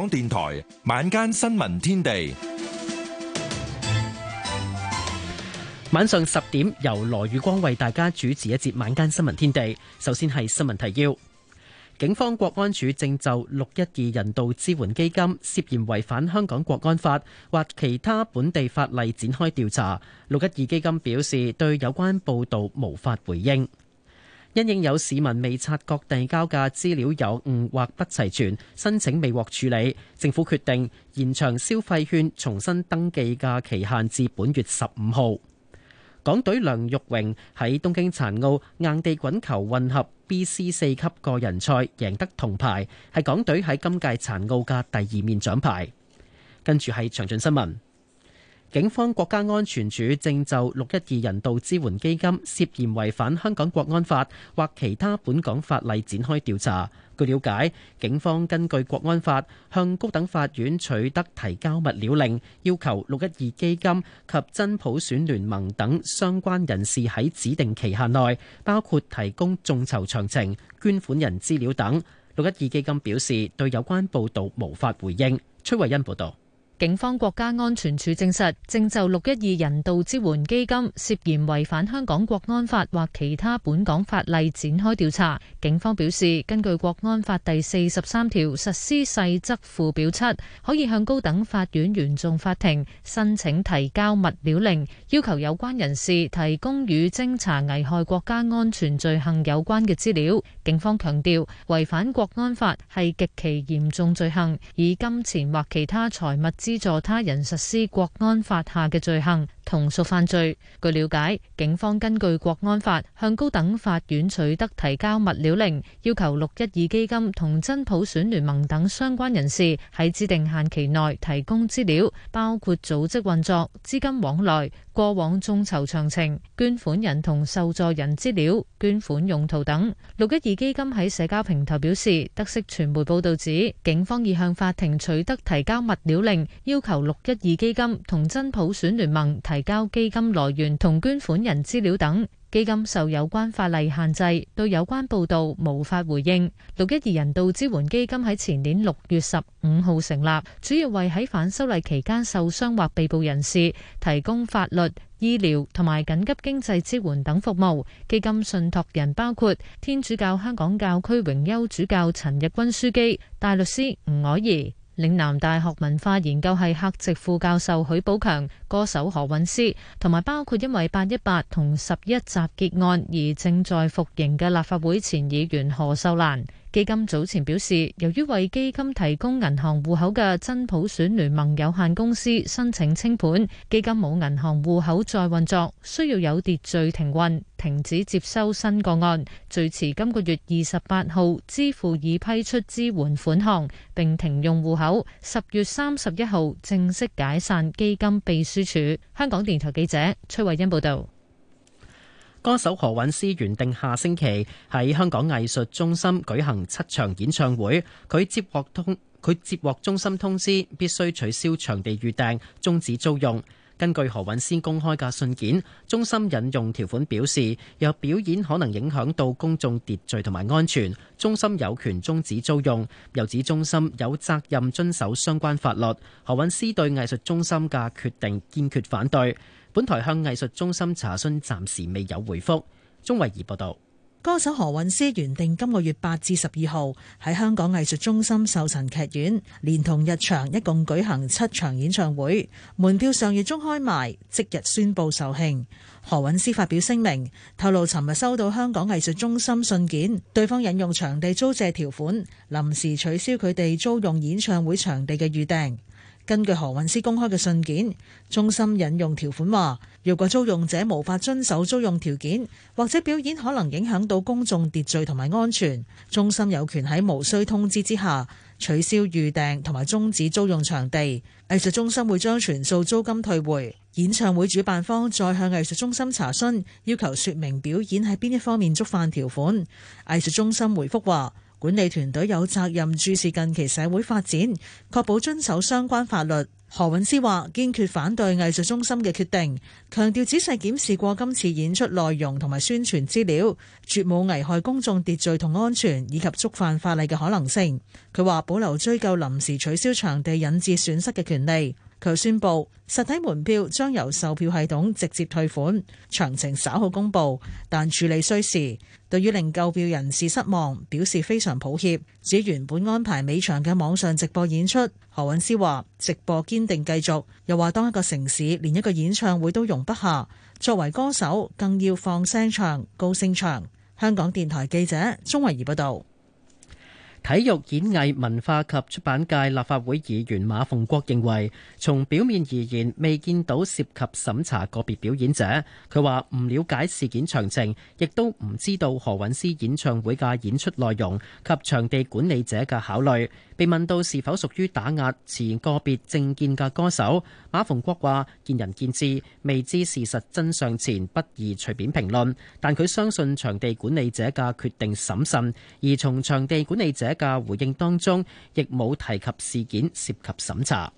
港電台晚間新聞天地，晚上十點由羅宇光為大家主持一節晚間新聞天地。首先係新聞提要：警方國安署正就六一二人道支援基金涉嫌違反香港國安法或其他本地法例展開調查。六一二基金表示對有關報道無法回應。因應有市民未察覺遞交嘅資料有誤或不齊全，申請未獲處理，政府決定延長消費券重新登記嘅期限至本月十五號。港隊梁玉榮喺東京殘奧硬地滾球混合 B C 四級個人賽贏得銅牌，係港隊喺今屆殘奧嘅第二面獎牌。跟住係詳盡新聞。警方國家安全處正就六一二人道支援基金涉嫌違反香港國安法或其他本港法例展開調查。據了解，警方根據國安法向高等法院取得提交物料令，要求六一二基金及真普選聯盟等相關人士喺指定期限內，包括提供眾籌詳情、捐款人資料等。六一二基金表示對有關報道無法回應。崔慧恩報道。警方國家安全處證實，正就六一二人道支援基金涉嫌違反香港國安法或其他本港法例展開調查。警方表示，根據國安法第四十三條實施細則附表七，可以向高等法院原訟法庭申請提交物料令，要求有關人士提供與偵查危害國家安全罪行有關嘅資料。警方強調，違反國安法係極其嚴重罪行，以金錢或其他財物資助他人實施國安法下嘅罪行，同屬犯罪。據了解，警方根據國安法向高等法院取得提交物料令，要求六一二基金同真普選聯盟等相關人士喺指定限期內提供資料，包括組織運作、資金往來。過往眾籌詳情、捐款人同受助人資料、捐款用途等。六一二基金喺社交平台表示，得悉傳媒報道指，警方已向法庭取得提交物料令，要求六一二基金同真普選聯盟提交基金來源同捐款人資料等。基金受有關法例限制，對有關報導無法回應。六一二人道支援基金喺前年六月十五號成立，主要為喺反修例期間受傷或被捕人士提供法律、醫療同埋緊急經濟支援等服務。基金信託人包括天主教香港教區榮休主教陳日君樞機、大律師吳靄儀。嶺南大學文化研究系客席副、副教授許寶強、歌手何韻詩，同埋包括因為八一八同十一集結案而正在服刑嘅立法會前議員何秀蘭。基金早前表示，由於為基金提供銀行戶口嘅真普選聯盟有限公司申請清盤，基金冇銀行戶口再運作，需要有秩序停運，停止接收新個案，最遲今個月二十八號支付已批出支援款項，並停用戶口。十月三十一號正式解散基金秘書處。香港電台記者崔慧欣報道。歌手何韻詩原定下星期喺香港藝術中心舉行七場演唱會，佢接獲通佢接獲中心通知，必須取消場地預訂，終止租用。根據何韻詩公開嘅信件，中心引用條款表示，若表演可能影響到公眾秩序同埋安全，中心有權終止租用。又指中心有責任遵守相關法律。何韻詩對藝術中心嘅決定堅決反對。本台向藝術中心查詢，暫時未有回覆。鍾慧儀報導，歌手何韻詩原定今個月八至十二號喺香港藝術中心壽臣劇院，連同日場一共舉行七場演唱會，門票上月中開賣，即日宣布售罄。何韻詩發表聲明，透露尋日收到香港藝術中心信件，對方引用場地租借條款，臨時取消佢哋租用演唱會場地嘅預定。根據何韻詩公開嘅信件，中心引用條款話：若果租用者無法遵守租用條件，或者表演可能影響到公眾秩序同埋安全，中心有權喺無需通知之下取消預訂同埋終止租用場地。藝術中心會將全數租金退回。演唱會主辦方再向藝術中心查詢，要求説明表演喺邊一方面觸犯條款。藝術中心回覆話。管理團隊有責任注視近期社會發展，確保遵守相關法律。何韻詩話堅決反對藝術中心嘅決定，強調仔細檢視過今次演出內容同埋宣傳資料，絕冇危害公眾秩序同安全以及觸犯法例嘅可能性。佢話保留追究臨時取消場地引致損失嘅權利。佢宣布實體門票將由售票系統直接退款，詳情稍後公布，但處理需時，對於令購票人士失望，表示非常抱歉。指原本安排尾場嘅網上直播演出，何韻詩話直播堅定繼續，又話當一個城市連一個演唱會都容不下，作為歌手更要放聲唱、高聲唱。香港電台記者鍾慧儀報道。體育演藝文化及出版界立法會議員馬逢國認為，從表面而言，未見到涉及審查個別表演者。佢話唔了解事件詳情，亦都唔知道何韻詩演唱會嘅演出內容及場地管理者嘅考慮。被問到是否屬於打壓持個別政見嘅歌手，馬逢國話：見仁見智，未知事實真相前，不宜隨便評論。但佢相信場地管理者嘅決定審慎，而從場地管理者嘅回應當中，亦冇提及事件涉及審查。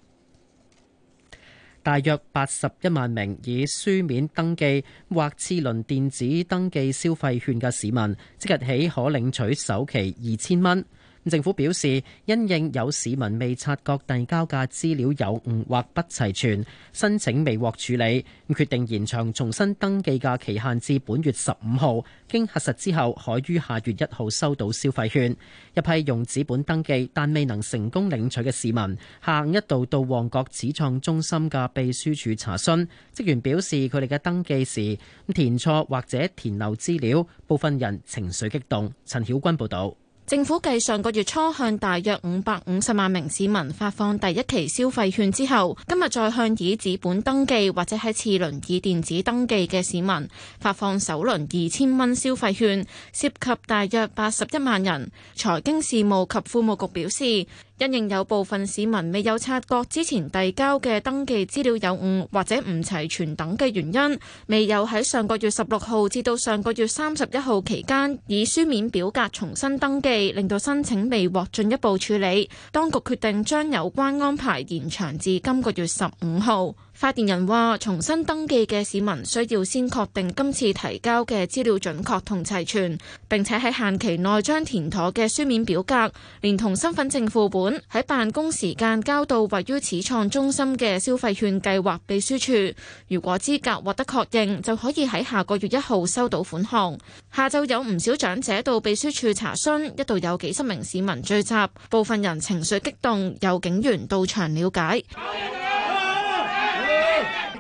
大約八十一萬名以書面登記或次輪電子登記消費券嘅市民，即日起可領取首期二千蚊。政府表示，因應有市民未察覺遞交嘅資料有誤或不齊全，申請未獲處理，決定延長重新登記嘅期限至本月十五號。經核實之後可於下月一號收到消費券。一批用紙本登記但未能成功領取嘅市民，下午一度到旺角始創中心嘅秘書處查詢，職員表示佢哋嘅登記時填錯或者填漏資料，部分人情緒激動，陳曉君報道。政府繼上個月初向大約五百五十萬名市民發放第一期消費券之後，今日再向以紙本登記或者喺次輪以電子登記嘅市民發放首輪二千蚊消費券，涉及大約八十一萬人。財經事務及庫務局表示，因應有部分市民未有察覺之前遞交嘅登記資料有誤或者唔齊全等嘅原因，未有喺上個月十六號至到上個月三十一號期間以書面表格重新登記令到申請未獲進一步處理，當局決定將有關安排延長至今個月十五號。發言人話重新登記嘅市民需要先確定今次提交嘅資料準確同齊全，並且喺限期內將填妥嘅書面表格連同身份證副本，喺辦公時間交到位於始創中心嘅消費券計劃秘書處，如果資格獲得確認，就可以喺下個月一號收到款項。下晝有唔少長者到秘書處查詢，一度有幾十名市民聚集，部分人情緒激動，有警員到場了解。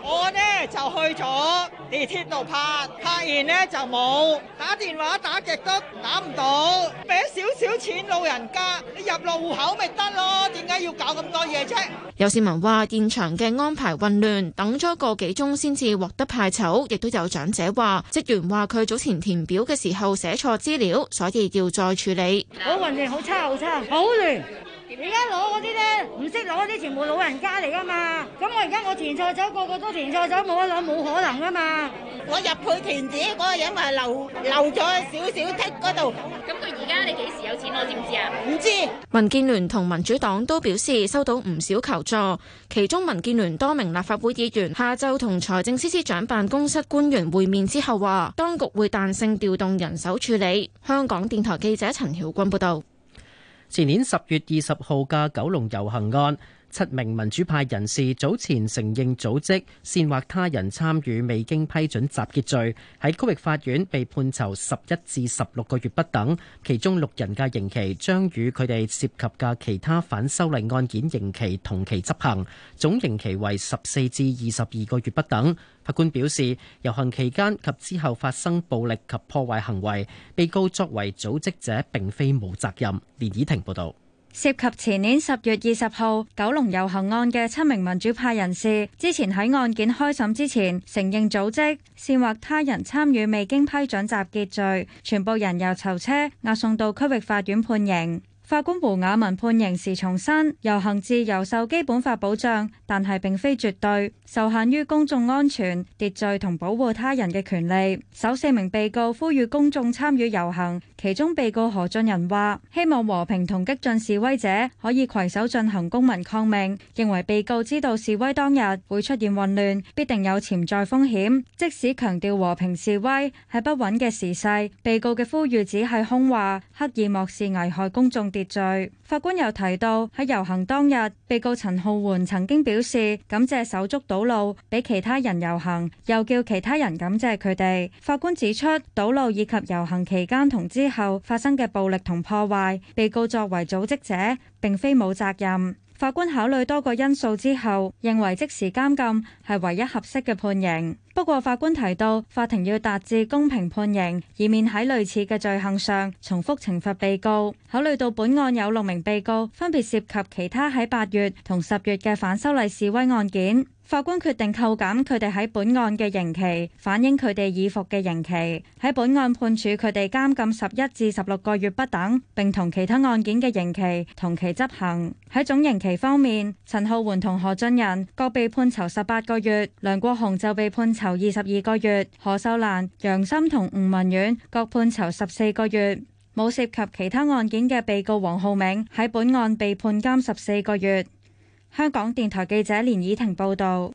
我呢，就去咗。地鐵度拍，拍完呢就冇，打電話打極都打唔到，俾少少錢老人家，你入落戶口咪得咯？點解要搞咁多嘢啫？有市民話現場嘅安排混亂，等咗個幾鐘先至獲得派籌，亦都有長者話職員話佢早前填表嘅時候寫錯資料，所以要再處理。我運氣，好差，好差，好亂。而家攞嗰啲咧，唔識攞嗰啲全部老人家嚟㗎嘛？咁我而家我填錯咗，個個都填錯咗，冇得攞，冇可能㗎嘛！我入去填字嗰個人咪留留咗少少剔嗰度。咁佢而家你幾時有錢攞？我知唔知啊？唔知。民建聯同民主黨都表示收到唔少求助，其中民建聯多名立法會議員下晝同財政司司長辦公室官員會面之後話，當局會彈性調動人手處理。香港電台記者陳曉君報導。前年十月二十號嘅九龍遊行案。七名民主派人士早前承認組織煽惑他人參與未經批准集結罪，喺區域法院被判囚十一至十六個月不等，其中六人嘅刑期將與佢哋涉及嘅其他反修例案件刑期同期執行，總刑期為十四至二十二個月不等。法官表示，遊行期間及之後發生暴力及破壞行為，被告作為組織者，並非無責任。連以庭報道。涉及前年十月二十號九龍遊行案嘅七名民主派人士，之前喺案件開審之前承認組織煽惑他人參與未經批准集結罪，全部人由囚車押送到區域法院判刑。法官胡雅文判刑時重申，遊行自由受基本法保障，但係並非絕對，受限於公眾安全、秩序同保護他人嘅權利。首四名被告呼籲公眾參與遊行，其中被告何俊仁話，希望和平同激進示威者可以攜手進行公民抗命，認為被告知道示威當日會出現混亂，必定有潛在風險，即使強調和平示威係不穩嘅時勢，被告嘅呼籲只係空話，刻意漠視危害公眾。罪法官又提到喺遊行當日，被告陳皓桓曾經表示感謝手足堵路，俾其他人遊行，又叫其他人感謝佢哋。法官指出，堵路以及遊行期間同之後發生嘅暴力同破壞，被告作為組織者，並非冇責任。法官考慮多個因素之後，認為即時監禁係唯一合適嘅判刑。不過，法官提到法庭要達至公平判刑，以免喺類似嘅罪行上重複懲罰被告。考慮到本案有六名被告，分別涉及其他喺八月同十月嘅反修例示威案件。法官決定扣減佢哋喺本案嘅刑期，反映佢哋已服嘅刑期。喺本案判處佢哋監禁十一至十六個月不等，並同其他案件嘅刑期同期執行。喺總刑期方面，陳浩桓同何俊仁各被判囚十八個月，梁國雄就被判囚二十二個月，何秀蘭、楊森同吳文遠各判囚十四個月。冇涉及其他案件嘅被告黃浩銘喺本案被判監十四個月。香港電台記者連以婷報道。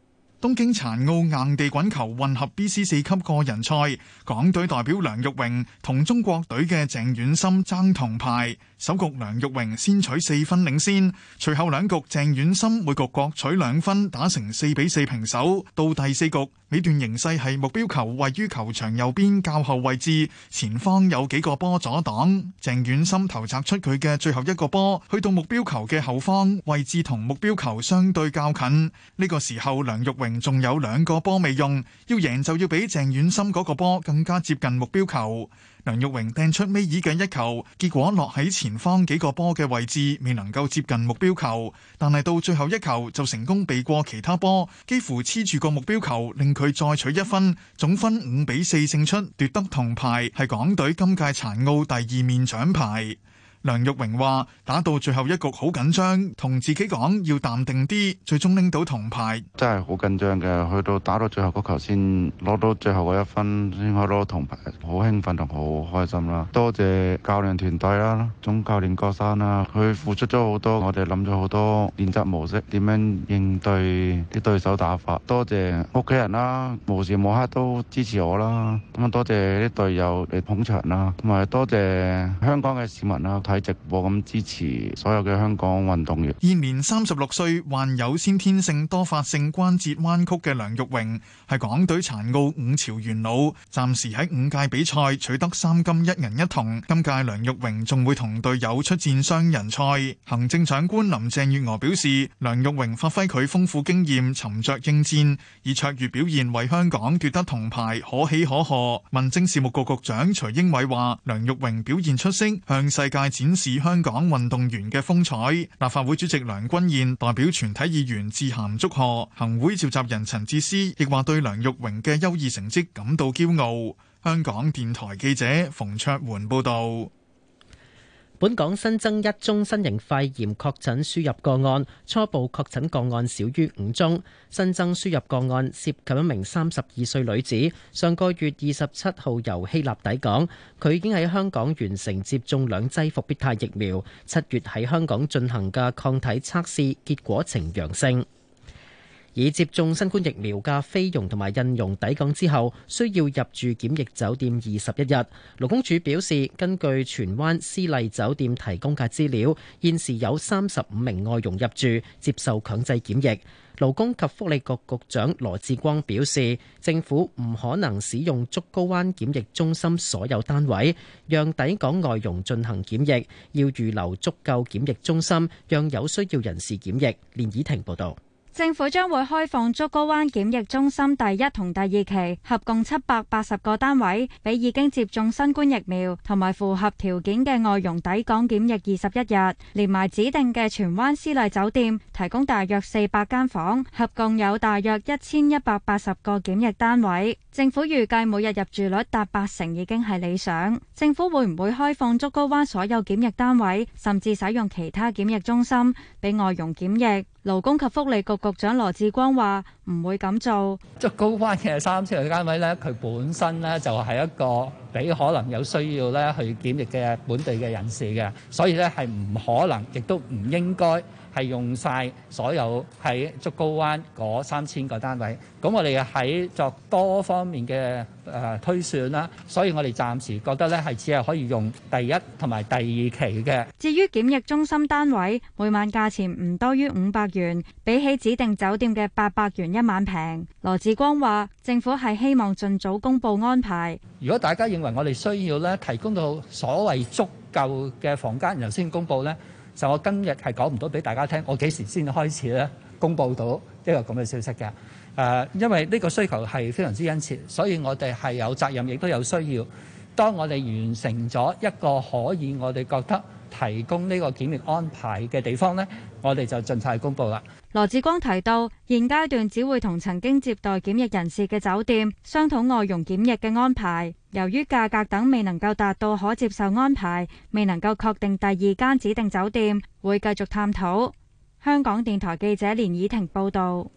東京殘奧硬地滾球混合 B C 四級個人賽，港隊代表梁玉榮同中國隊嘅鄭遠心爭銅牌。首局梁玉榮先取四分領先，隨後兩局鄭遠心每局各取兩分，打成四比四平手。到第四局，尾段形勢係目標球位於球場右邊較後位置，前方有幾個波阻擋。鄭遠心投擲出佢嘅最後一個波，去到目標球嘅後方位置，同目標球相對較近。呢個時候梁玉榮仲有兩個波未用，要贏就要比鄭遠心嗰個波更加接近目標球。梁玉榮掟出尾二嘅一球，結果落喺前方幾個波嘅位置，未能夠接近目標球。但係到最後一球就成功避過其他波，幾乎黐住個目標球，令佢再取一分，總分五比四勝出，奪得銅牌，係港隊今屆殘奧第二面獎牌。梁玉榮話：打到最後一局好緊張，同自己講要淡定啲，最終拎到銅牌，真係好緊張嘅。去到打到最後嗰球先攞到最後嘅一分，先攞到銅牌，好興奮同好開心啦！多謝教練團隊啦，總教練郭生啦，佢付出咗好多，我哋諗咗好多練習模式，點樣應對啲對手打法。多謝屋企人啦，無時無刻都支持我啦。咁啊，多謝啲隊友嚟捧場啦，同埋多謝香港嘅市民啦。喺直播咁支持所有嘅香港運動員。現年三十六歲，患有先天性多發性關節彎曲嘅梁玉榮，係港隊殘奧五朝元老，暫時喺五屆比賽取得三金一銀一銅。今屆梁玉榮仲會同隊友出戰雙人賽。行政長官林鄭月娥表示，梁玉榮發揮佢豐富經驗，沉着應戰，以卓越表現為香港奪得銅牌，可喜可賀！民政事務局局長徐英偉話：梁玉榮表現出色，向世界，展示香港運動員嘅風采。立法會主席梁君彥代表全體議員致函祝賀，行會召集人陳智思亦話對梁玉榮嘅優異成績感到驕傲。香港電台記者馮卓桓報道。本港新增一宗新型肺炎確診輸入個案，初步確診個案少於五宗。新增輸入個案涉及一名三十二歲女子，上個月二十七號由希臘抵港，佢已經喺香港完成接種兩劑復必泰疫苗，七月喺香港進行嘅抗體測試結果呈陽性。以接種新冠疫苗嘅菲傭同埋印傭抵港之後，需要入住檢疫酒店二十一日。勞工處表示，根據荃灣思麗酒店提供嘅資料，現時有三十五名外傭入住，接受強制檢疫。勞工及福利局局局長羅致光表示，政府唔可能使用竹篙灣檢疫中心所有單位，讓抵港外傭進行檢疫，要預留足夠檢疫中心，讓有需要人士檢疫。連以婷報道。政府將會開放竹篙灣檢疫中心第一同第二期，合共七百八十個單位，俾已經接種新冠疫苗同埋符合條件嘅外傭抵港檢疫二十一日，連埋指定嘅荃灣絲麗酒店提供大約四百間房，合共有大約一千一百八十個檢疫單位。政府預計每日入住率達八成已經係理想。政府會唔會開放竹篙灣所有檢疫單位，甚至使用其他檢疫中心俾外傭檢疫？勞工及福利局局長羅致光話：唔會咁做。即係高灣嘅三千處單位咧，佢本身咧就係一個俾可能有需要咧去檢疫嘅本地嘅人士嘅，所以咧係唔可能，亦都唔應該。係用曬所有喺竹篙灣嗰三千個單位，咁我哋喺作多方面嘅誒推算啦，所以我哋暫時覺得咧係只係可以用第一同埋第二期嘅。至於檢疫中心單位每晚價錢唔多於五百元，比起指定酒店嘅八百元一晚平。羅志光話：政府係希望盡早公佈安排。如果大家認為我哋需要咧提供到所謂足夠嘅房間，然後先公佈咧。就我今日係講唔到俾大家聽，我幾時先開始咧公佈到呢個咁嘅消息嘅？誒，因為呢個需求係非常之殷切，所以我哋係有責任，亦都有需要。當我哋完成咗一個可以，我哋覺得。提供呢個檢疫安排嘅地方呢，我哋就盡快公布啦。羅志光提到，現階段只會同曾經接待檢疫人士嘅酒店商討外傭檢疫嘅安排。由於價格等未能夠達到可接受安排，未能夠確定第二間指定酒店會繼續探討。香港電台記者連倚婷報道。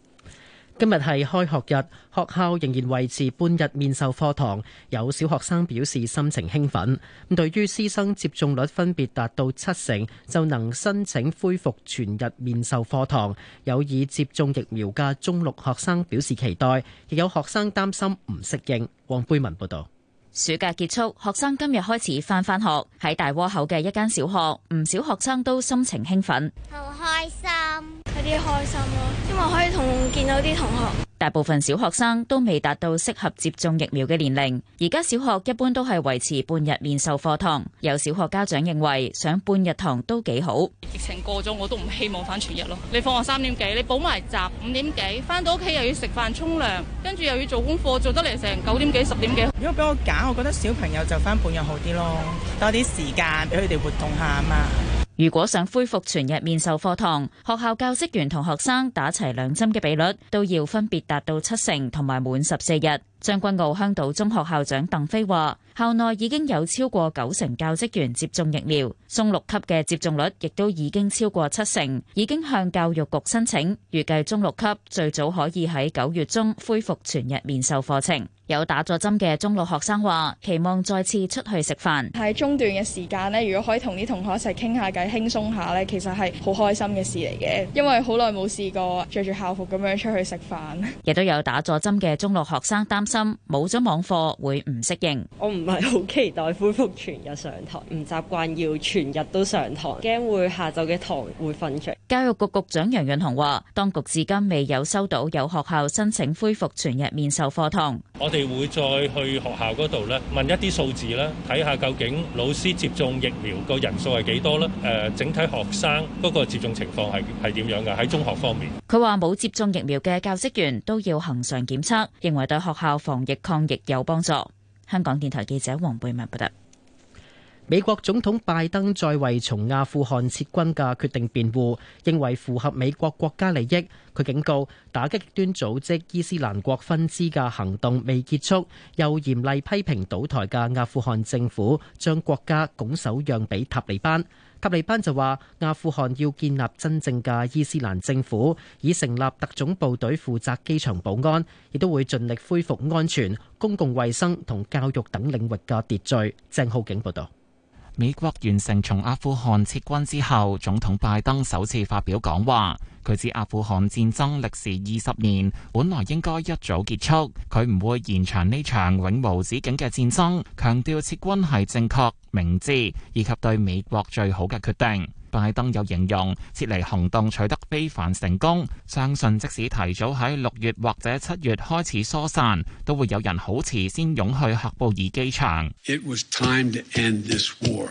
今日係開學日，學校仍然維持半日面授課堂，有小學生表示心情興奮。咁對於師生接種率分別達到七成就能申請恢復全日面授課堂，有已接種疫苗嘅中六學生表示期待，亦有學生擔心唔適應。黃佩文報道。暑假結束，學生今日開始翻翻學。喺大窩口嘅一間小學，唔少學生都心情興奮，好開心。一啲開心咯、啊，因為可以同見到啲同學。大部分小學生都未達到適合接種疫苗嘅年齡，而家小學一般都係維持半日面授課堂。有小學家長認為上半日堂都幾好。疫情過咗，我都唔希望翻全日咯。你放學三點幾，你補埋習五點幾，翻到屋企又要食飯、沖涼，跟住又要做功課，做得嚟成九點幾、十點幾。如果俾我揀，我覺得小朋友就翻半日好啲咯，多啲時間俾佢哋活動下啊嘛。如果想恢復全日面授課堂，學校教職員同學生打齊兩針嘅比率都要分別達到七成同埋滿十四日。將軍澳香島中學校長鄧飛話：校內已經有超過九成教職員接種疫苗，中六級嘅接種率亦都已經超過七成，已經向教育局申請，預計中六級最早可以喺九月中恢復全日面授課程。有打咗針嘅中六學生話：期望再次出去食飯。喺中段嘅時間咧，如果可以同啲同學一齊傾下偈、輕鬆下咧，其實係好開心嘅事嚟嘅，因為好耐冇試過着住校服咁樣出去食飯。亦都有打咗針嘅中六學生擔心。冇咗網課會唔適應？我唔係好期待恢復全日上堂，唔習慣要全日都上堂，驚會下晝嘅堂會瞓着。教育局局長楊潤雄話，當局至今未有收到有學校申請恢復全日面授課堂。我哋會再去學校嗰度咧，問一啲數字啦，睇下究竟老師接種疫苗個人數係幾多咧？誒，整體學生嗰個接種情況係係點樣嘅？喺中學方面，佢話冇接種疫苗嘅教職員都要恒常檢測，認為對學校。.防疫抗疫有幫助。香港電台記者黃貝文報道，美國總統拜登在為從阿富汗撤軍嘅決定辯護，認為符合美國國家利益。佢警告打擊極端組織伊斯蘭國分支嘅行動未結束，又嚴厲批評倒台嘅阿富汗政府將國家拱手讓俾塔利班。塔利班就話：阿富汗要建立真正嘅伊斯蘭政府，已成立特種部隊負責機場保安，亦都會盡力恢復安全、公共衛生同教育等領域嘅秩序。鄭浩景報道。美國完成從阿富汗撤軍之後，總統拜登首次發表講話。佢指阿富汗戰爭歷時二十年，本來應該一早結束，佢唔會延長呢場永無止境嘅戰爭。強調撤軍係正確、明智以及對美國最好嘅決定。拜登有形容撤離行動取得非凡成功，相信即使提早喺六月或者七月開始疏散，都會有人好遲先湧去喀布爾機場。It was time to end this war.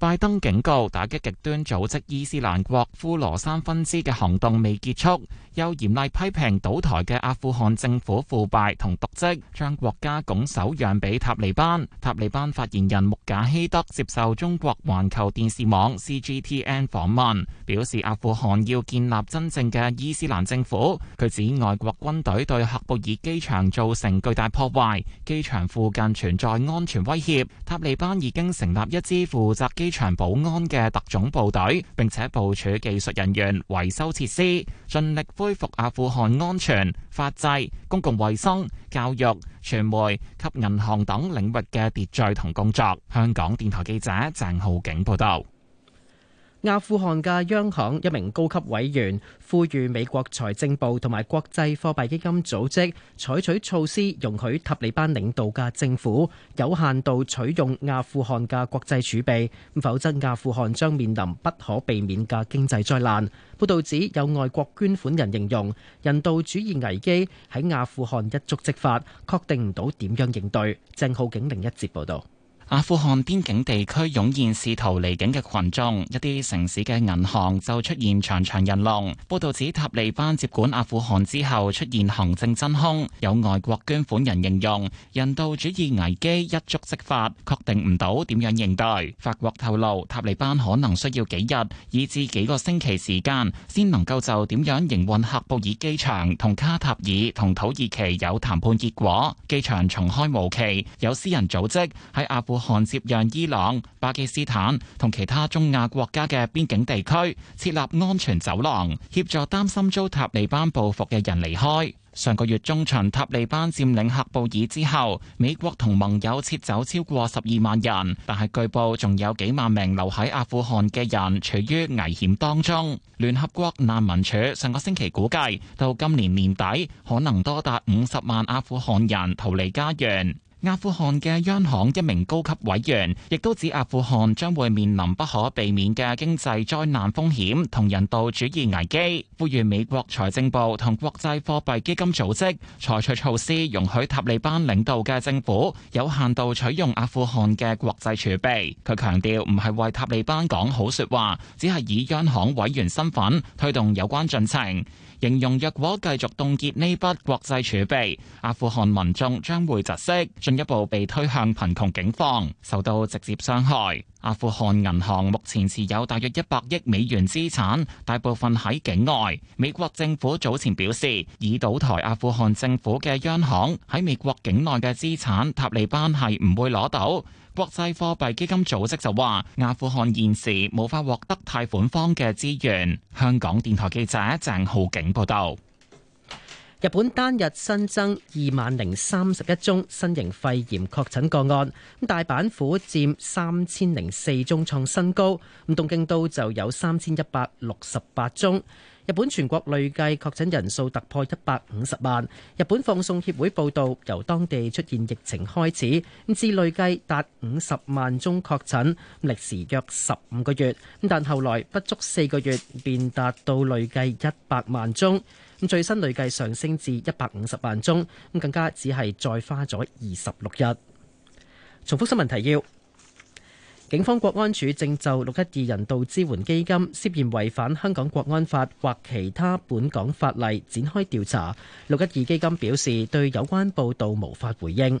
拜登警告，打擊極端組織伊斯蘭國呼羅珊分支嘅行動未結束，又嚴厲批評倒台嘅阿富汗政府腐敗同瀆職，將國家拱手讓俾塔利班。塔利班發言人穆賈希德接受中國環球電視網 CGTN 訪問，表示阿富汗要建立真正嘅伊斯蘭政府。佢指外國軍隊對喀布爾機場造成巨大破壞，機場附近存在安全威脅。塔利班已經成立一支負責機機場保安嘅特種部隊，並且部署技術人員維修設施，盡力恢復阿富汗安全、法制、公共衛生、教育、傳媒及銀行等領域嘅秩序同工作。香港電台記者鄭浩景報道。阿富汗嘅央行一名高級委員呼籲美國財政部同埋國際貨幣基金組織採取措施，容許塔利班領導嘅政府有限度取用阿富汗嘅國際儲備，否則阿富汗將面臨不可避免嘅經濟災難。報道指有外國捐款人形容人道主義危機喺阿富汗一觸即發，確定唔到點樣應對。鄭浩景另一節報道。阿富汗邊境地區湧現試圖離境嘅群眾，一啲城市嘅銀行就出現長長人龍。報道指塔利班接管阿富汗之後出現行政真空，有外國捐款人形容人道主義危機一觸即發，確定唔到點樣應對。法國透露塔利班可能需要幾日以至幾個星期時間，先能夠就點樣營運喀布爾機場同卡塔爾同土耳其有談判結果，機場重開無期。有私人組織喺阿富汗。汗接壤伊朗、巴基斯坦同其他中亞國家嘅邊境地區設立安全走廊，協助擔心遭塔利班報復嘅人離開。上個月中旬，塔利班佔領喀布爾之後，美國同盟友撤走超過十二萬人，但係據報仲有幾萬名留喺阿富汗嘅人處於危險當中。聯合國難民署上個星期估計，到今年年底可能多達五十萬阿富汗人逃離家園。阿富汗嘅央行一名高級委員亦都指阿富汗將會面臨不可避免嘅經濟災難風險同人道主義危機，呼籲美國財政部同國際貨幣基金組織採取措施，容許塔利班領導嘅政府有限度取用阿富汗嘅國際儲備。佢強調唔係為塔利班講好說話，只係以央行委員身份推動有關進程。形容若果繼續凍結呢筆國際儲備，阿富汗民眾將會窒息。進一步被推向貧窮境況，受到直接傷害。阿富汗銀行目前持有大約一百億美元資產，大部分喺境外。美國政府早前表示，已倒台阿富汗政府嘅央行喺美國境內嘅資產，塔利班係唔會攞到。國際貨幣基金組織就話，阿富汗現時無法獲得貸款方嘅資源。香港電台記者鄭浩景報道。日本單日新增二萬零三十一宗新型肺炎確診個案，大阪府佔三千零四宗創新高，咁東京都就有三千一百六十八宗。日本全國累計確診人數突破一百五十萬。日本放送協會報道，由當地出現疫情開始，至累計達五十萬宗確診，咁歷時約十五個月，但後來不足四個月便達到累計一百萬宗。咁最新累計上升至一百五十萬宗，咁更加只係再花咗二十六日。重複新聞提要：警方國安處正就六一二人道支援基金涉嫌違反香港國安法或其他本港法例展開調查。六一二基金表示對有關報導無法回應。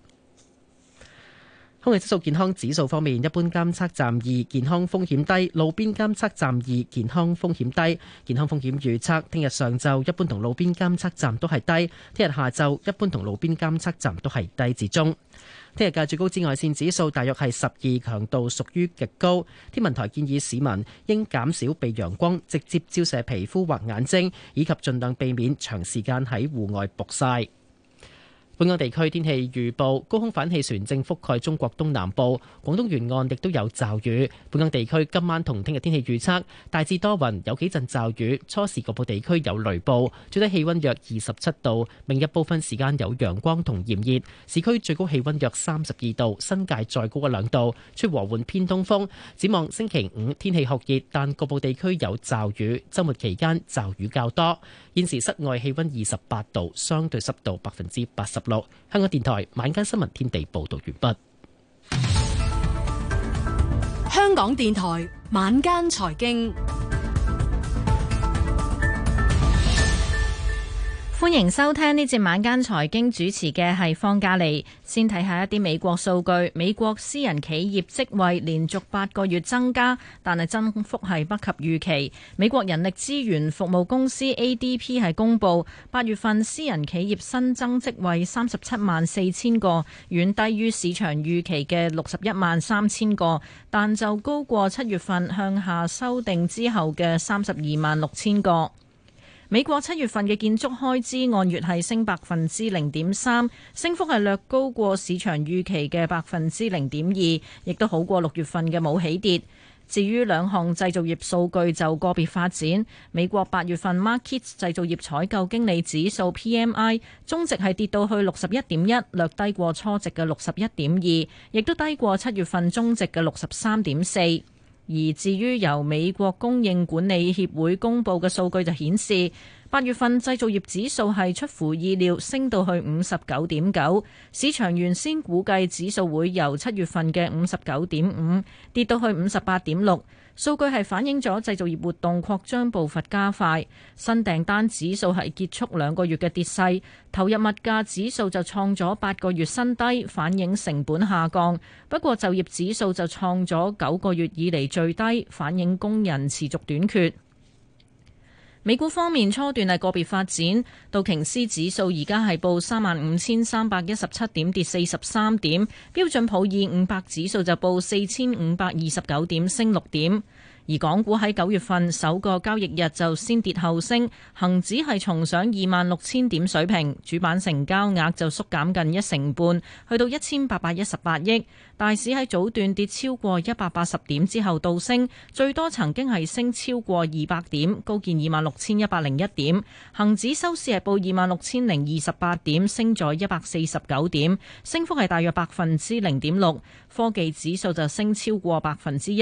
空氣質素健康指數方面，一般監測站二健康風險低，路邊監測站二健康風險低。健康風險預測，聽日上晝一般同路邊監測站都係低，聽日下晝一般同路邊監測站都係低至中。聽日嘅最高紫外綫指數大約係十二，強度屬於極高。天文台建議市民應減少被陽光直接照射皮膚或眼睛，以及盡量避免長時間喺戶外曝曬。本港地區天氣預報：高空反氣旋正覆蓋中國東南部，廣東沿岸亦都有驟雨。本港地區今晚同聽日天氣預測大致多雲，有幾陣驟雨，初時局部地區有雷暴，最低氣温約二十七度。明日部分時間有陽光同炎熱，市區最高氣温約三十二度，新界再高一兩度，吹和緩偏東風。展望星期五天氣酷熱，但局部地區有驟雨，周末期間驟雨較多。現時室外氣温二十八度，相對濕度百分之八十。香港電台晚間新聞天地報道完畢。香港電台晚間財經。歡迎收聽呢節晚間財經，主持嘅係方嘉利。先睇下一啲美國數據，美國私人企業職位連續八個月增加，但係增幅係不及預期。美國人力資源服務公司 ADP 係公布，八月份私人企業新增職位三十七萬四千個，遠低於市場預期嘅六十一萬三千個，但就高過七月份向下修訂之後嘅三十二萬六千個。美國七月份嘅建築開支按月係升百分之零點三，升幅係略高過市場預期嘅百分之零點二，亦都好過六月份嘅冇起跌。至於兩項製造業數據就個別發展，美國八月份 Markit 製造業採購經理指數 PMI 終值係跌到去六十一點一，略低過初值嘅六十一點二，亦都低過七月份終值嘅六十三點四。而至於由美國供應管理協會公佈嘅數據就顯示，八月份製造業指數係出乎意料升到去五十九點九，市場原先估計指數會由七月份嘅五十九點五跌到去五十八點六。數據係反映咗製造業活動擴張步伐加快，新訂單指數係結束兩個月嘅跌勢，投入物價指數就創咗八個月新低，反映成本下降。不過，就業指數就創咗九個月以嚟最低，反映工人持續短缺。美股方面，初段係個別發展，道瓊斯指數而家係報三萬五千三百一十七點，跌四十三點，標準普爾五百指數就報四千五百二十九點，升六點。而港股喺九月份首個交易日就先跌後升，恒指係重上二萬六千點水平，主板成交額就縮減近一成半，去到一千八百一十八億。大市喺早段跌超過一百八十點之後倒升，最多曾經係升超過二百點，高見二萬六千一百零一點。恒指收市係報二萬六千零二十八點，升咗一百四十九點，升幅係大約百分之零點六。科技指數就升超過百分之一。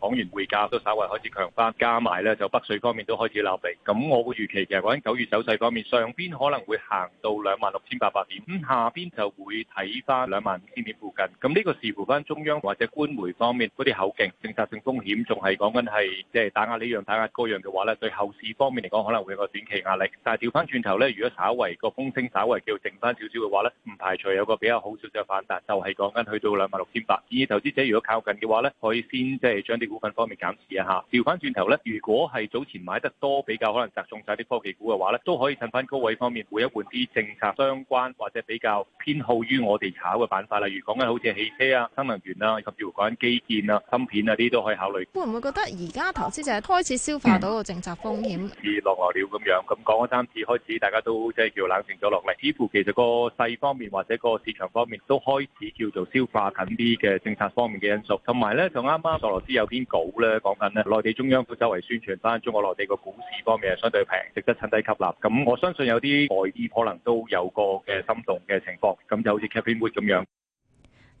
港元匯價都稍微開始強翻，加埋咧就北水方面都開始流鼻。咁我會預期嘅，講緊九月走勢方面，上邊可能會行到兩萬六千八百點，咁下邊就會睇翻兩萬五千點附近。咁呢個視乎翻中央或者官媒方面嗰啲口徑，政策性風險，仲係講緊係即係打壓呢樣、打壓嗰樣嘅話咧，對後市方面嚟講可能會有個短期壓力。但係調翻轉頭咧，如果稍為個風聲稍為叫靜翻少少嘅話咧，唔排除有個比較好少少嘅反彈，就係講緊去到兩萬六千八。而投資者如果靠近嘅話咧，可以先即係將啲。股份方面減持一下，調翻轉頭咧，如果係早前買得多比較可能集中晒啲科技股嘅話咧，都可以趁翻高位方面換一換啲政策相關或者比較偏好於我哋炒嘅板塊，例如講緊好似汽車啊、新能源啊，甚至乎講緊基建啊、芯片啊啲都可以考慮。會唔會覺得而家投資者開始消化到個政策風險？而落來了咁樣，咁講咗三次開始，大家都即係叫冷靜咗落嚟。似乎其實個勢方面或者個市場方面都開始叫做消化緊啲嘅政策方面嘅因素，同埋咧，就啱啱索羅斯有稿咧講緊咧，內地中央府周圍宣傳翻中國內地個股市方面係相對平，值得趁低吸納。咁我相信有啲外資可能都有個嘅心動嘅情況。咁就好似 Captain Wood 咁樣。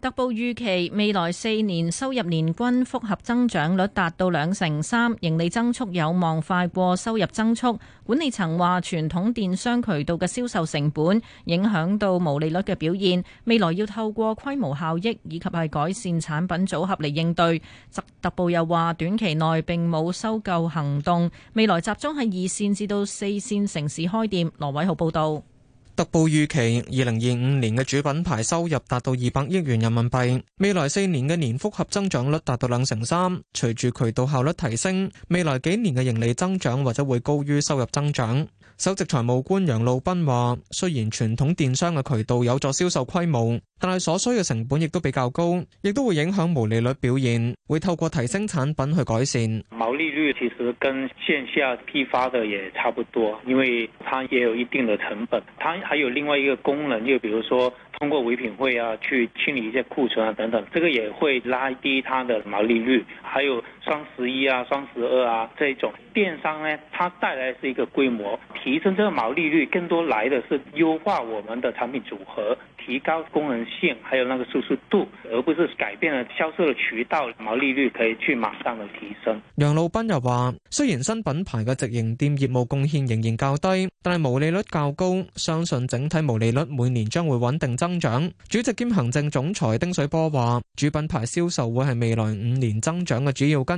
特步預期未來四年收入年均複合增長率達到兩成三，盈利增速有望快過收入增速。管理層話傳統電商渠道嘅銷售成本影響到毛利率嘅表現，未來要透過規模效益以及係改善產品組合嚟應對。特步又話短期內並冇收購行動，未來集中喺二線至到四線城市開店。羅偉浩報導。特步預期，二零二五年嘅主品牌收入達到二百億元人民幣，未來四年嘅年複合增長率達到兩成三。隨住渠道效率提升，未來幾年嘅盈利增長或者會高於收入增長。首席財務官楊路斌話：雖然傳統電商嘅渠道有助銷售規模，但係所需嘅成本亦都比較高，亦都會影響毛利率表現。會透過提升產品去改善毛利率，其實跟線下批發的也差不多，因為它也有一定的成本。它還有另外一個功能，就譬如說通過唯品會啊，去清理一些庫存啊等等，這個也會拉低它的毛利率。還有。雙十一啊，雙十二啊，這一種電商呢，它帶來是一個規模提升，這個毛利率更多來的是優化我們的產品組合，提高功能性，還有那個舒適度，而不是改變了銷售的渠道，毛利率可以去馬上的提升。楊老斌又話：雖然新品牌嘅直營店業務貢獻仍然較低，但係毛利率較高，相信整體毛利率每年將會穩定增長。主席兼行政總裁丁水波話：主品牌銷售會係未來五年增長嘅主要根。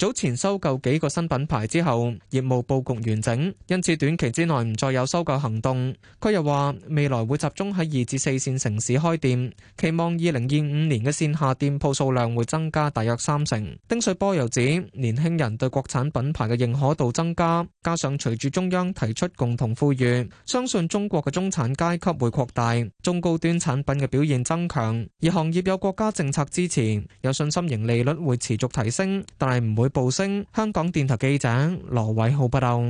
早前收購幾個新品牌之後，業務佈局完整，因此短期之內唔再有收購行動。佢又話未來會集中喺二至四線城市開店，期望二零二五年嘅線下店鋪數量會增加大約三成。丁水波又指年輕人對國產品牌嘅認可度增加，加上隨住中央提出共同富裕，相信中國嘅中產階級會擴大，中高端產品嘅表現增強。而行業有國家政策支持，有信心盈利率會持續提升，但係唔會，報升，香港電台記者羅偉浩報道。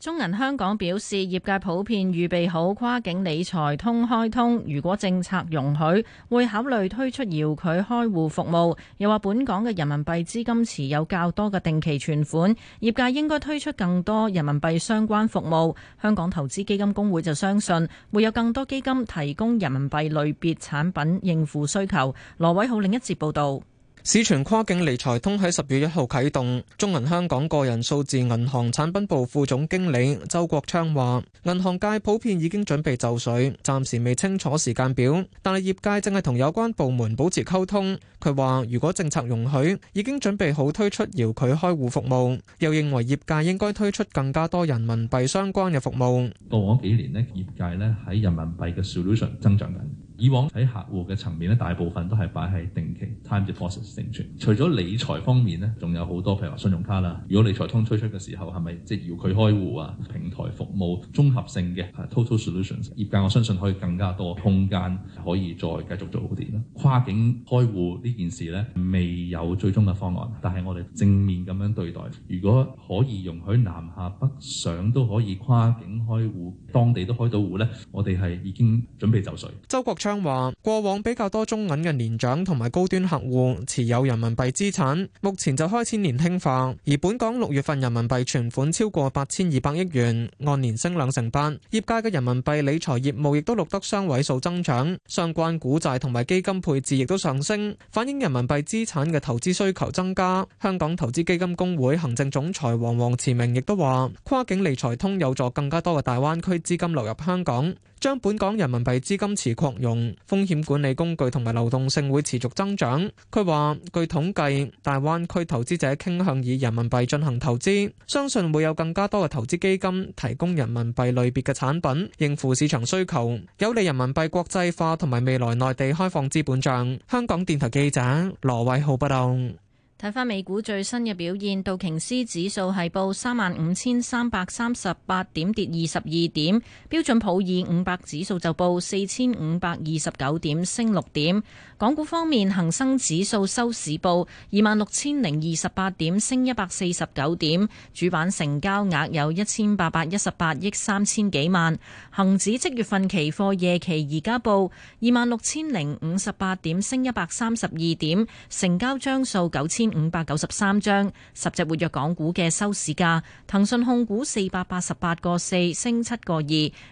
中銀香港表示，業界普遍預備好跨境理財通開通，如果政策容許，會考慮推出遙距開戶服務。又話，本港嘅人民幣資金持有較多嘅定期存款，業界應該推出更多人民幣相關服務。香港投資基金公會就相信會有更多基金提供人民幣類別產品應付需求。羅偉浩另一節報道。市場跨境理財通喺十月一號啟動。中銀香港個人數字銀行產品部副總經理周國昌話：銀行界普遍已經準備就緒，暫時未清楚時間表，但係業界正係同有關部門保持溝通。佢話：如果政策容許，已經準備好推出遙距開戶服務。又認為業界應該推出更加多人民幣相關嘅服務。過往幾年咧，業界咧喺人民幣嘅 solution 增長緊。以往喺客戶嘅層面咧，大部分都係擺喺定期、time deposit 定存。除咗理財方面咧，仲有好多，譬如話信用卡啦。如果理財通推出嘅時候，係咪即係要佢開戶啊？平台服務綜合性嘅、uh, total solutions，業界我相信可以更加多空間可以再繼續做好啲啦。跨境開戶呢件事咧，未有最終嘅方案，但係我哋正面咁樣對待。如果可以容許南下北上都可以跨境開戶，當地都開到戶咧，我哋係已經準備就緒。周國昌。話過往比較多中銀嘅年長同埋高端客戶持有人民幣資產，目前就開始年輕化。而本港六月份人民幣存款超過八千二百億元，按年升兩成八。業界嘅人民幣理財業務亦都錄得雙位數增長，相關股債同埋基金配置亦都上升，反映人民幣資產嘅投資需求增加。香港投資基金公會行政總裁黃王慈明亦都話，跨境理財通有助更加多嘅大灣區資金流入香港。將本港人民幣資金池擴容，風險管理工具同埋流動性會持續增長。佢話：據統計，大灣區投資者傾向以人民幣進行投資，相信會有更加多嘅投資基金提供人民幣類別嘅產品應付市場需求，有利人民幣國際化同埋未來內地開放資本帳。香港電台記者羅偉浩報道。睇翻美股最新嘅表現，道瓊斯指數係報三萬五千三百三十八點，跌二十二點；標準普爾五百指數就報四千五百二十九點，升六點。港股方面，恒生指數收市報二萬六千零二十八點，升一百四十九點，主板成交額有一千八百一十八億三千幾萬。恒指即月份期貨夜期而家報二萬六千零五十八點，升一百三十二點，成交張數九千。五百九十三張，十隻活躍港股嘅收市價：騰訊控股四百八十八個四升七個二，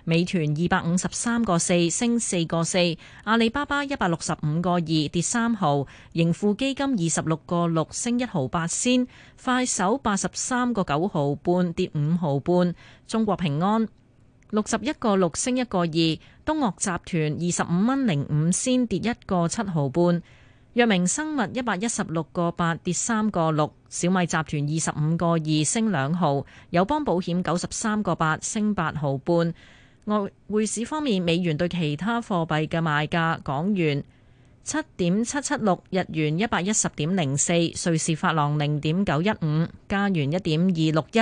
美團二百五十三個四升四個四，阿里巴巴一百六十五個二跌三毫，盈富基金二十六個六升一毫八仙，快手八十三個九毫半跌五毫半，中國平安六十一個六升一個二，東岳集團二十五蚊零五仙跌一個七毫半。藥明生物一百一十六個八跌三個六，小米集團二十五個二升兩毫，友邦保險九十三個八升八毫半。外匯市方面，美元對其他貨幣嘅賣價，港元。七點七七六日元，一百一十點零四瑞士法郎零點九一五，加元一點二六一，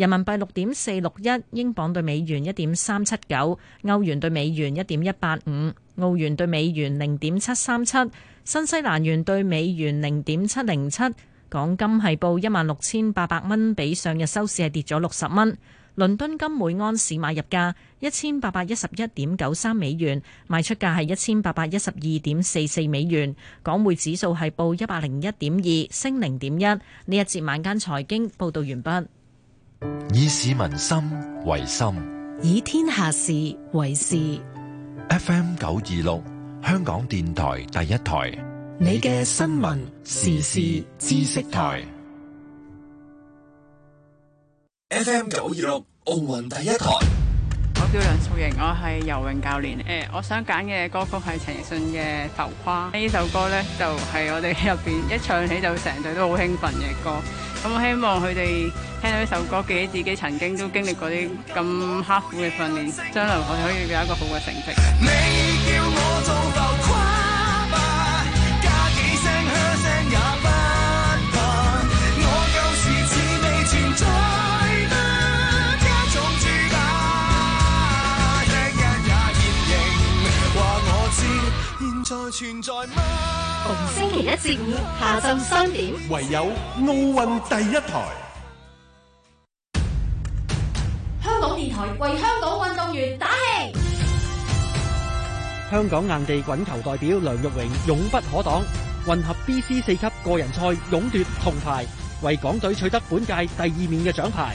人民幣六點四六一，英鎊兌美元一點三七九，歐元兌美元一點一八五，澳元兌美元零點七三七，新西蘭元兌美元零點七零七，港金係報一萬六千八百蚊，比上日收市係跌咗六十蚊。倫敦金每安士買入價一千八百一十一點九三美元，賣出價係一千八百一十二點四四美元。港匯指數係報 2, 一百零一點二，升零點一。呢一節晚間財經報道完畢。以市民心為心，以天下事為事。F M 九二六，香港電台第一台，你嘅新聞時事知識台。FM 九二六奧運第一台，我叫梁素瑩，我係游泳教練。誒，我想揀嘅歌曲係陳奕迅嘅《浮誇》呢首歌咧，就係我哋入邊一唱起就成隊都好興奮嘅歌。咁我希望佢哋聽到呢首歌，記起自己曾經都經歷過啲咁刻苦嘅訓練，將來我哋可以有一個好嘅成績。逢星期一至五下晝三點，唯有奧運第一台，香港電台為香港運動員打氣。香港硬地滾球代表梁玉榮勇不可擋，混合 BC 四級個人賽勇奪銅牌，為港隊取得本屆第二面嘅獎牌。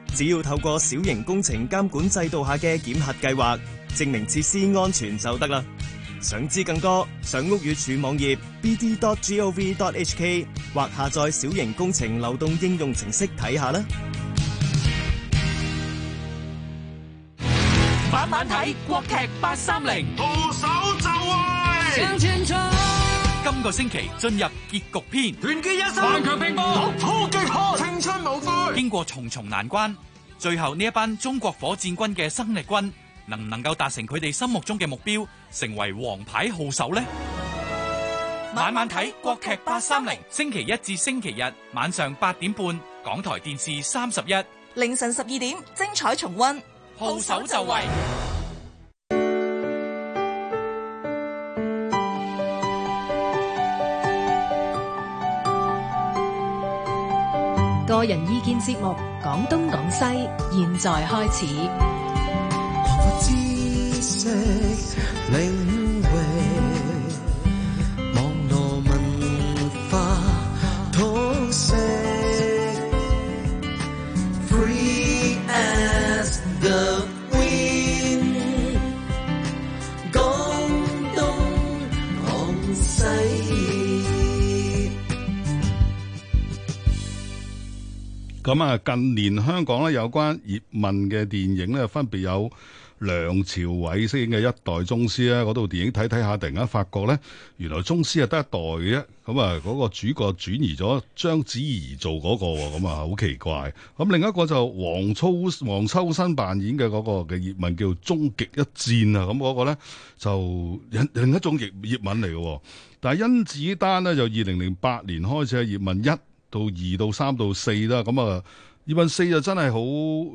只要透過小型工程監管制度下嘅檢核計劃，證明設施安全就得啦。想知更多，上屋宇署網頁 bd.gov.hk 或下載小型工程流動應用程式睇下啦。晚晚睇國劇八三零，步手就位，向前衝。今個星期進入結局篇，團結一心，萬強拼搏，突破極限，青春無悔。經過重重難關，最後呢一班中國火箭軍嘅生力軍能唔能夠達成佢哋心目中嘅目標，成為王牌號手呢？晚晚睇國劇八三零，星期一至星期日晚上八點半，港台電視三十一，凌晨十二點，精彩重温，號手就位。個人意見節目，講東講西，現在開始。 咁啊，近年香港咧，有關葉問嘅電影咧，分別有梁朝偉飾演嘅一代宗師咧，嗰套電影睇睇下，突然間發覺咧，原來宗師係得一代嘅，啫，咁啊嗰個主角轉移咗章子怡做嗰個，咁啊好奇怪。咁另一個就黃秋黃秋生扮演嘅嗰個嘅葉問叫終極一戰啊，咁嗰個咧就另另一種葉葉問嚟嘅。但係甄子丹咧就二零零八年開始葉問一。到二到三到四啦，咁啊二分四就真係好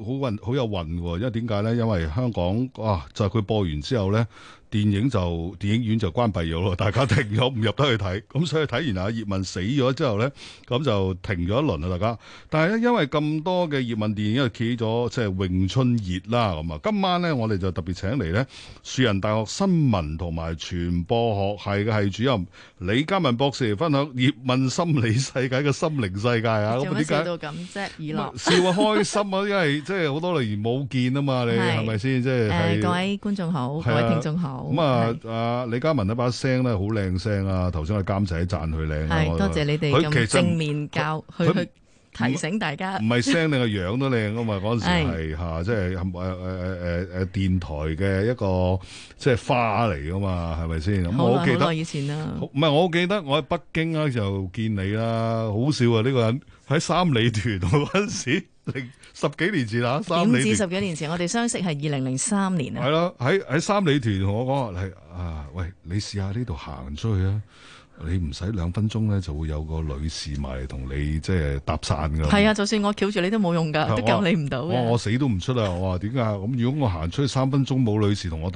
好運，好有運喎。因為點解呢？因為香港啊，就係佢播完之後呢。電影就電影院就關閉咗咯，大家停咗唔入得去睇，咁所以睇完阿葉問死咗之後咧，咁就停咗一輪啊大家。但係咧因為咁多嘅葉問電影因又企咗，即係詠春熱啦咁啊。今晚咧我哋就特別請嚟咧，樹人大學新聞同埋傳播學系嘅系主任李家文博士嚟分享葉問心理世界嘅心靈世界啊。咁點解笑到咁啫？笑啊開心啊，因為即係好多年冇見啊嘛，你係咪先？即係各位觀眾好，各位聽眾好。咁啊，阿李嘉文一把聲咧好靚聲啊，頭先阿監仔讚佢靚，係多謝你哋咁正面教佢提醒大家。唔係聲靚，個樣都靚噶嘛。嗰陣時係吓，即係誒誒誒誒誒，電台嘅一個即係花嚟噶嘛，係咪先？咁我記得以前啦，唔係我記得我喺北京咧就見你啦，好少啊呢個人喺三里屯嗰陣時。十幾年前啦，三里屯，點止十幾年前，我哋相識係二零零三年 啊。係咯，喺喺三里屯，同我講話啊，喂，你試下呢度行出去啊，你唔使兩分鐘咧，就會有個女士埋嚟同你即係搭訕㗎。係啊，就算我攰住你都冇用㗎，我都救你唔到。我死都唔出啊！我話點解咁？如果我行出去三分鐘冇女士同我搭。